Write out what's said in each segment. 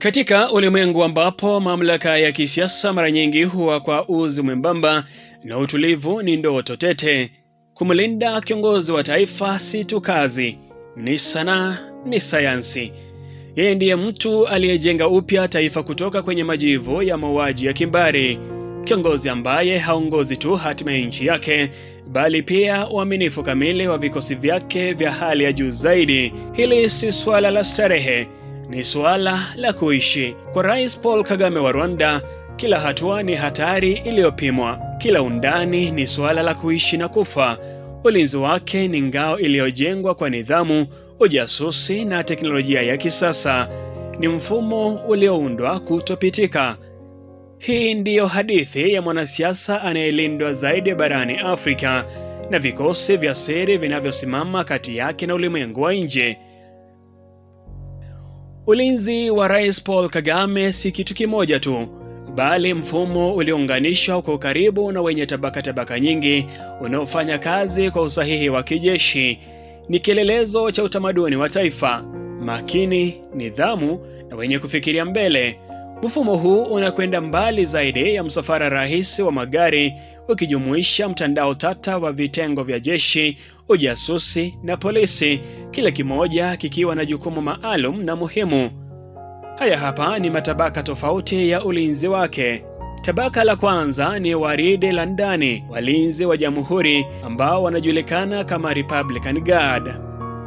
Katika ulimwengu ambapo mamlaka ya kisiasa mara nyingi huwa kwa uzi mwembamba na utulivu ni ndoto tete, kumlinda kiongozi wa taifa si tu kazi, ni sanaa, ni sayansi. Yeye ndiye mtu aliyejenga upya taifa kutoka kwenye majivu ya mauaji ya kimbari, kiongozi ambaye haongozi tu hatima ya nchi yake bali pia uaminifu kamili wa vikosi vyake vya hali ya juu zaidi. Hili si suala la starehe ni suala la kuishi. Kwa Rais Paul Kagame wa Rwanda, kila hatua ni hatari iliyopimwa, kila undani ni suala la kuishi na kufa. Ulinzi wake ni ngao iliyojengwa kwa nidhamu, ujasusi na teknolojia ya kisasa. Ni mfumo ulioundwa kutopitika. Hii ndiyo hadithi ya mwanasiasa anayelindwa zaidi barani Afrika na vikosi vya siri vinavyosimama kati yake na ulimwengu wa nje. Ulinzi wa Rais Paul Kagame si kitu kimoja tu, bali mfumo uliounganishwa kwa ukaribu na wenye tabaka tabaka nyingi unaofanya kazi kwa usahihi wa kijeshi. Ni kielelezo cha utamaduni wa taifa makini, nidhamu na wenye kufikiria mbele. Mfumo huu unakwenda mbali zaidi ya msafara rahisi wa magari, ukijumuisha mtandao tata wa vitengo vya jeshi ujasusi na polisi, kila kimoja kikiwa na jukumu maalum na muhimu. Haya hapa ni matabaka tofauti ya ulinzi wake. Tabaka la kwanza ni waridi la ndani, walinzi wa jamhuri ambao wanajulikana kama Republican Guard.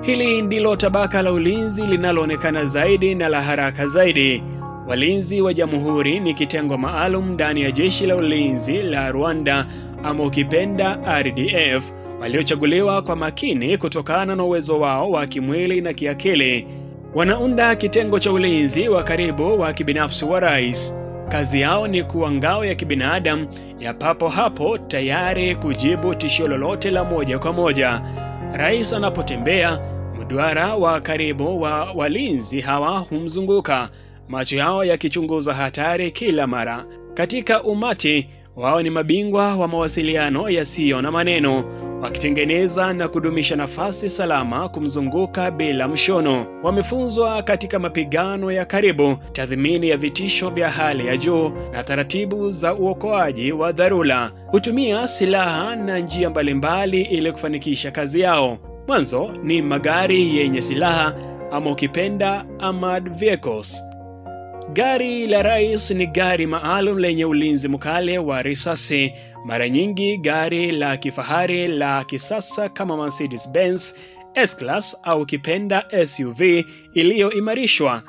Hili ndilo tabaka la ulinzi linaloonekana zaidi na la haraka zaidi. Walinzi wa jamhuri ni kitengo maalum ndani ya jeshi la ulinzi la Rwanda ama ukipenda RDF waliochaguliwa kwa makini kutokana na uwezo wao wa kimwili na kiakili wanaunda kitengo cha ulinzi wa karibu wa kibinafsi wa rais. Kazi yao ni kuwa ngao ya kibinadamu ya papo hapo, tayari kujibu tishio lolote la moja kwa moja. Rais anapotembea, mduara wa karibu wa walinzi hawa humzunguka, macho yao yakichunguza hatari kila mara. Katika umati wao ni mabingwa wa mawasiliano yasiyo na maneno wakitengeneza na kudumisha nafasi salama kumzunguka bila mshono. Wamefunzwa katika mapigano ya karibu, tathmini ya vitisho vya hali ya juu na taratibu za uokoaji wa dharura. Hutumia silaha na njia mbalimbali ili kufanikisha kazi yao. Mwanzo ni magari yenye silaha ama ukipenda armored vehicles. Gari la rais ni gari maalum lenye ulinzi mkali wa risasi. Mara nyingi gari la kifahari la kisasa kama Mercedes-Benz S-Class au kipenda SUV iliyoimarishwa.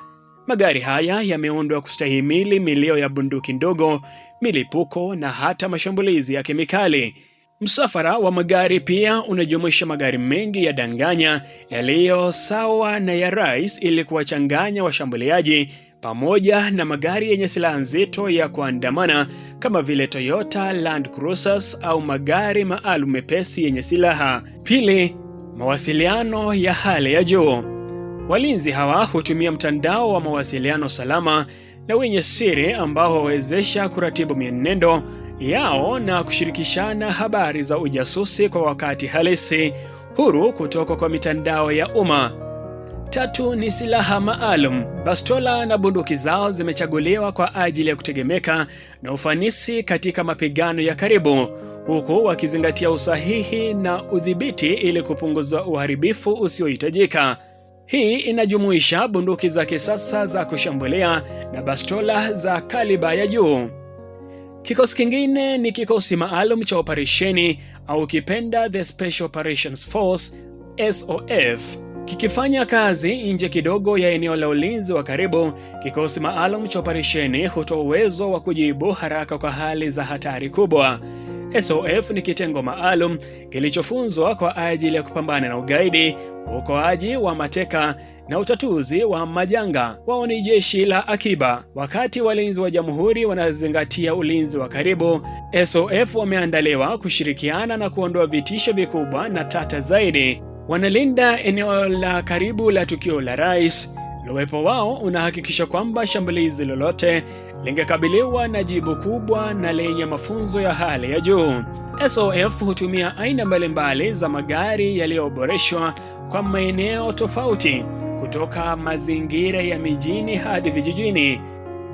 Magari haya yameundwa kustahimili milio ya bunduki ndogo, milipuko na hata mashambulizi ya kemikali. Msafara wa magari pia unajumuisha magari mengi ya danganya yaliyo sawa na ya rais ili kuwachanganya washambuliaji pamoja na magari yenye silaha nzito ya kuandamana kama vile Toyota Land Cruisers au magari maalum mepesi yenye silaha. Pili, mawasiliano ya hali ya juu. Walinzi hawa hutumia mtandao wa mawasiliano salama na wenye siri ambao huwezesha kuratibu mienendo yao na kushirikishana habari za ujasusi kwa wakati halisi huru kutoka kwa mitandao ya umma. Tatu ni silaha maalum. Bastola na bunduki zao zimechaguliwa kwa ajili ya kutegemeka na ufanisi katika mapigano ya karibu, huku wakizingatia usahihi na udhibiti ili kupunguza uharibifu usiohitajika. Hii inajumuisha bunduki za kisasa za kushambulia na bastola za kaliba ya juu. Kikosi kingine ni kikosi maalum cha operesheni au kipenda the Special Operations Force SOF. Kikifanya kazi nje kidogo ya eneo la ulinzi wa karibu, kikosi maalum cha operesheni hutoa uwezo wa kujibu haraka kwa hali za hatari kubwa. SOF ni kitengo maalum kilichofunzwa kwa ajili ya kupambana na ugaidi, uokoaji wa mateka na utatuzi wa majanga. Wao ni jeshi la akiba. Wakati walinzi wa jamhuri wanazingatia ulinzi wa karibu, SOF wameandaliwa kushirikiana na kuondoa vitisho vikubwa na tata zaidi wanalinda eneo la karibu la tukio la rais. Uwepo wao unahakikisha kwamba shambulizi lolote lingekabiliwa na jibu kubwa na lenye mafunzo ya hali ya juu. SOF hutumia aina mbalimbali za magari yaliyoboreshwa kwa maeneo tofauti, kutoka mazingira ya mijini hadi vijijini.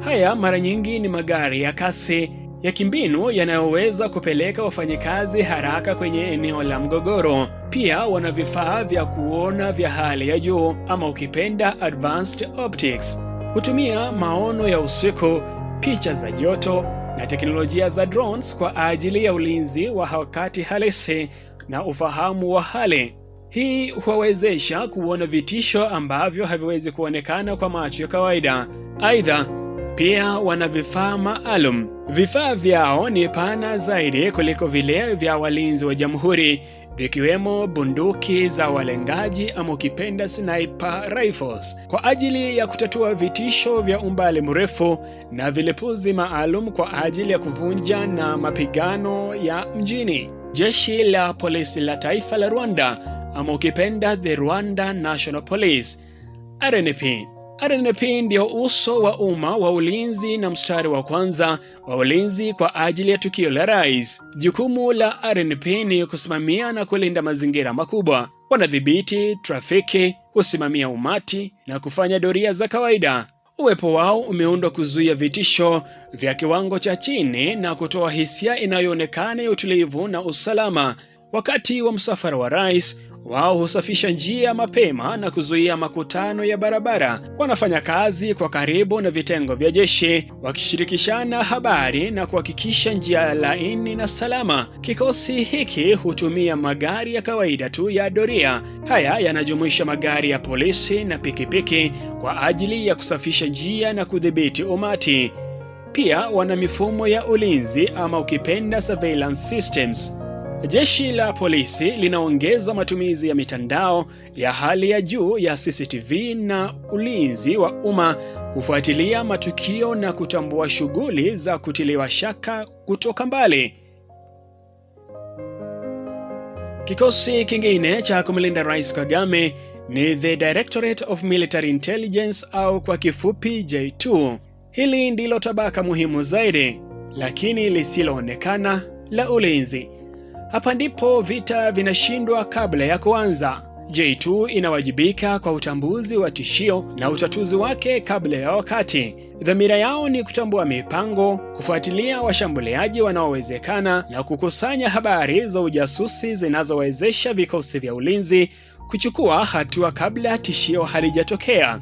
Haya mara nyingi ni magari ya kasi ya kimbinu yanayoweza kupeleka wafanyikazi haraka kwenye eneo la mgogoro. Pia wana vifaa vya kuona vya hali ya juu ama ukipenda advanced optics. Hutumia maono ya usiku, picha za joto na teknolojia za drones kwa ajili ya ulinzi wa wakati halisi na ufahamu wa hali. Hii huwawezesha kuona vitisho ambavyo haviwezi kuonekana kwa macho ya kawaida. Aidha, pia wana vifaa maalum. Vifaa vyao ni pana zaidi kuliko vile vya walinzi wa jamhuri, vikiwemo bunduki za walengaji ama ukipenda sniper rifles kwa ajili ya kutatua vitisho vya umbali mrefu na vilipuzi maalum kwa ajili ya kuvunja na mapigano ya mjini. Jeshi la polisi la taifa la Rwanda ama ukipenda the Rwanda National Police RNP RNP ndio uso wa umma wa ulinzi na mstari wa kwanza wa ulinzi kwa ajili ya tukio la rais. Jukumu la RNP ni kusimamia na kulinda mazingira makubwa. Wanadhibiti trafiki, kusimamia umati na kufanya doria za kawaida. Uwepo wao umeundwa kuzuia vitisho vya kiwango cha chini na kutoa hisia inayoonekana ya utulivu na usalama wakati wa msafara wa rais. Wao husafisha njia mapema na kuzuia makutano ya barabara. Wanafanya kazi kwa karibu na vitengo vya jeshi, wakishirikishana habari na kuhakikisha njia laini na salama. Kikosi hiki hutumia magari ya kawaida tu ya doria. Haya yanajumuisha magari ya polisi na pikipiki kwa ajili ya kusafisha njia na kudhibiti umati. Pia wana mifumo ya ulinzi ama ukipenda surveillance systems. Jeshi la polisi linaongeza matumizi ya mitandao ya hali ya juu ya CCTV na ulinzi wa umma kufuatilia matukio na kutambua shughuli za kutiliwa shaka kutoka mbali. Kikosi kingine cha kumlinda Rais Kagame ni the Directorate of Military Intelligence au kwa kifupi J2. Hili ndilo tabaka muhimu zaidi lakini lisiloonekana la ulinzi. Hapa ndipo vita vinashindwa kabla ya kuanza. J2 inawajibika kwa utambuzi wa tishio na utatuzi wake kabla ya wakati. Dhamira yao ni kutambua mipango, kufuatilia washambuliaji wanaowezekana na kukusanya habari za ujasusi zinazowezesha vikosi vya ulinzi kuchukua hatua kabla tishio halijatokea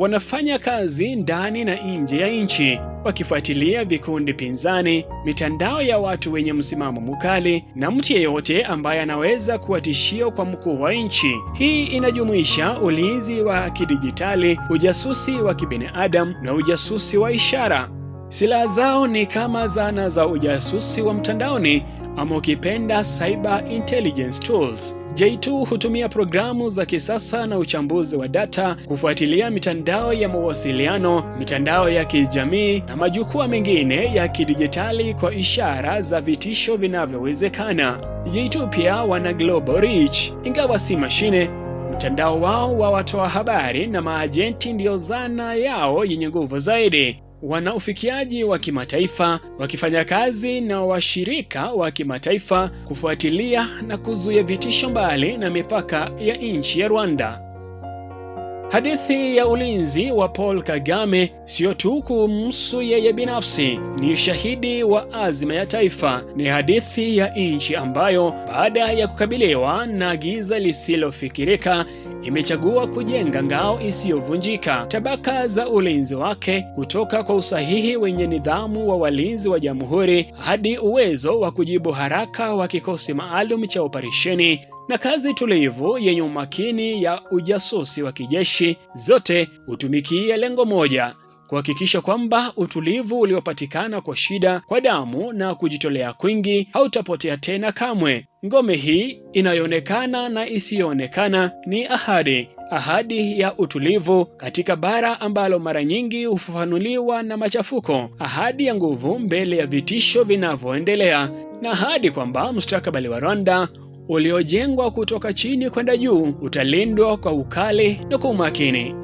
wanafanya kazi ndani na nje ya nchi wakifuatilia vikundi pinzani, mitandao ya watu wenye msimamo mkali na mtu yeyote ambaye anaweza kuwa tishio kwa mkuu wa nchi. Hii inajumuisha ulinzi wa kidijitali, ujasusi wa kibinadamu na ujasusi wa ishara. Silaha zao ni kama zana za ujasusi wa mtandaoni ama ukipenda cyber intelligence tools. J2 hutumia programu za kisasa na uchambuzi wa data kufuatilia mitandao ya mawasiliano, mitandao ya kijamii na majukwaa mengine ya kidijitali kwa ishara za vitisho vinavyowezekana. J2 pia wana global reach, ingawa si mashine. Mtandao wao wa watoa habari na maajenti ndiyo zana yao yenye nguvu zaidi wanaufikiaji wa kimataifa wakifanya kazi na washirika wa kimataifa kufuatilia na kuzuia vitisho mbali na mipaka ya nchi ya Rwanda. Hadithi ya ulinzi wa Paul Kagame siyo tu kumhusu yeye binafsi, ni shahidi wa azma ya taifa. Ni hadithi ya nchi ambayo baada ya kukabiliwa na giza lisilofikirika imechagua kujenga ngao isiyovunjika, tabaka za ulinzi wake kutoka kwa usahihi wenye nidhamu wa walinzi wa jamhuri hadi uwezo wa kujibu haraka wa kikosi maalum cha operesheni na kazi tulivu yenye umakini ya ujasusi wa kijeshi, zote hutumikia lengo moja kuhakikisha kwamba utulivu uliopatikana kwa shida, kwa damu na kujitolea kwingi hautapotea tena kamwe. Ngome hii inayoonekana na isiyoonekana ni ahadi, ahadi ya utulivu katika bara ambalo mara nyingi hufafanuliwa na machafuko, ahadi ya nguvu mbele ya vitisho vinavyoendelea, na ahadi kwamba mustakabali wa Rwanda uliojengwa kutoka chini kwenda juu utalindwa kwa ukali na kwa umakini.